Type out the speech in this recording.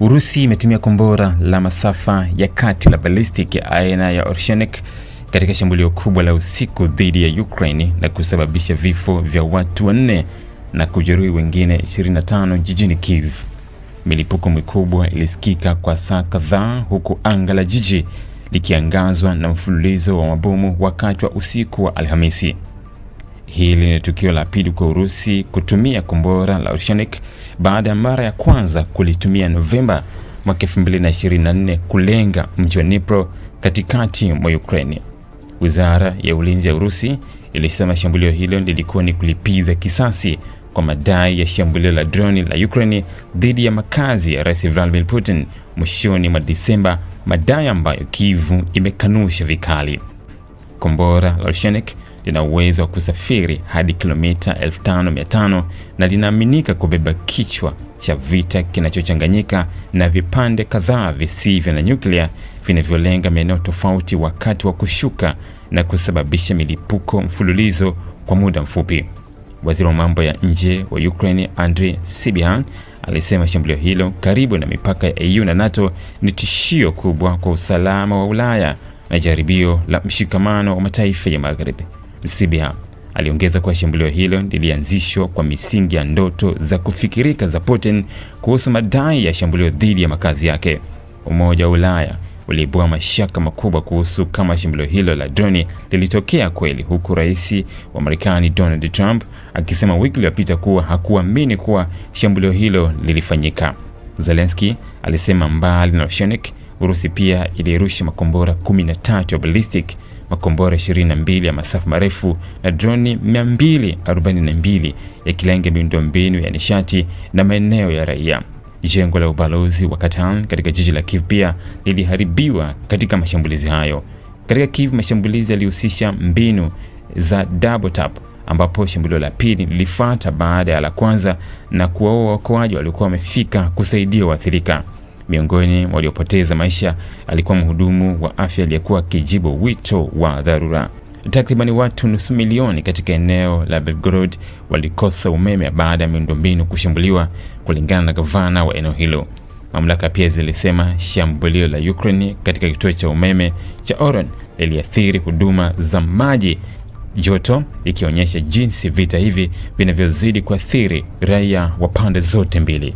Urusi imetumia kombora la masafa ya kati la ballistic aina ya Orshnik katika shambulio kubwa la usiku dhidi ya Ukraine na kusababisha vifo vya watu wanne na kujeruhi wengine 25 jijini Kiev. Milipuko mikubwa ilisikika kwa saa kadhaa huku anga la jiji likiangazwa na mfululizo wa mabomu wakati wa usiku wa Alhamisi. Hili ni tukio la pili kwa Urusi kutumia kombora la Oceanic baada ya mara ya kwanza kulitumia Novemba mwaka 2024 kulenga mji wa Dnipro katikati mwa Ukraine. Wizara ya Ulinzi ya Urusi ilisema shambulio hilo lilikuwa ni kulipiza kisasi kwa madai ya shambulio la droni la Ukraine dhidi ya makazi ya Rais Vladimir Putin mwishoni mwa Disemba, madai ambayo Kyiv imekanusha vikali. Kombora la Oceanic lina uwezo wa kusafiri hadi kilomita 5500 na linaaminika kubeba kichwa cha vita kinachochanganyika na vipande kadhaa visivyo na nyuklia vinavyolenga maeneo tofauti wakati wa kushuka na kusababisha milipuko mfululizo kwa muda mfupi. Waziri wa mambo ya nje wa Ukraine Andriy Sybiha alisema shambulio hilo karibu na mipaka ya EU na NATO ni tishio kubwa kwa usalama wa Ulaya na jaribio la mshikamano wa mataifa ya Magharibi. Sibia. Aliongeza kuwa shambulio hilo lilianzishwa kwa misingi ya ndoto za kufikirika za Putin kuhusu madai ya shambulio dhidi ya makazi yake. Umoja wa Ulaya uliibua mashaka makubwa kuhusu kama shambulio hilo la droni lilitokea kweli, huku rais wa Marekani Donald Trump akisema wiki iliyopita kuwa hakuamini kuwa shambulio hilo lilifanyika. Zelensky alisema mbali na Oceanic, Urusi pia ilirusha makombora 13 ya ballistic makombora 22 ya masafa marefu na droni 242 yakilenga miundombinu ya nishati na maeneo ya raia. Jengo la ubalozi wa Qatar katika jiji la Kiev pia liliharibiwa katika mashambulizi hayo. Katika Kiev, mashambulizi yalihusisha mbinu za double tap ambapo shambulio la pili lilifuata baada ya la kwanza na kuwaua waokoaji waliokuwa wamefika kusaidia waathirika. Miongoni mwa waliopoteza maisha alikuwa mhudumu wa afya aliyekuwa akijibu wito wa dharura. Takribani watu nusu milioni katika eneo la Belgorod walikosa umeme baada ya miundombinu kushambuliwa, kulingana na gavana wa eneo hilo. Mamlaka pia zilisema shambulio la Ukraine katika kituo cha umeme cha Oron liliathiri huduma za maji joto, ikionyesha jinsi vita hivi vinavyozidi kuathiri raia wa pande zote mbili.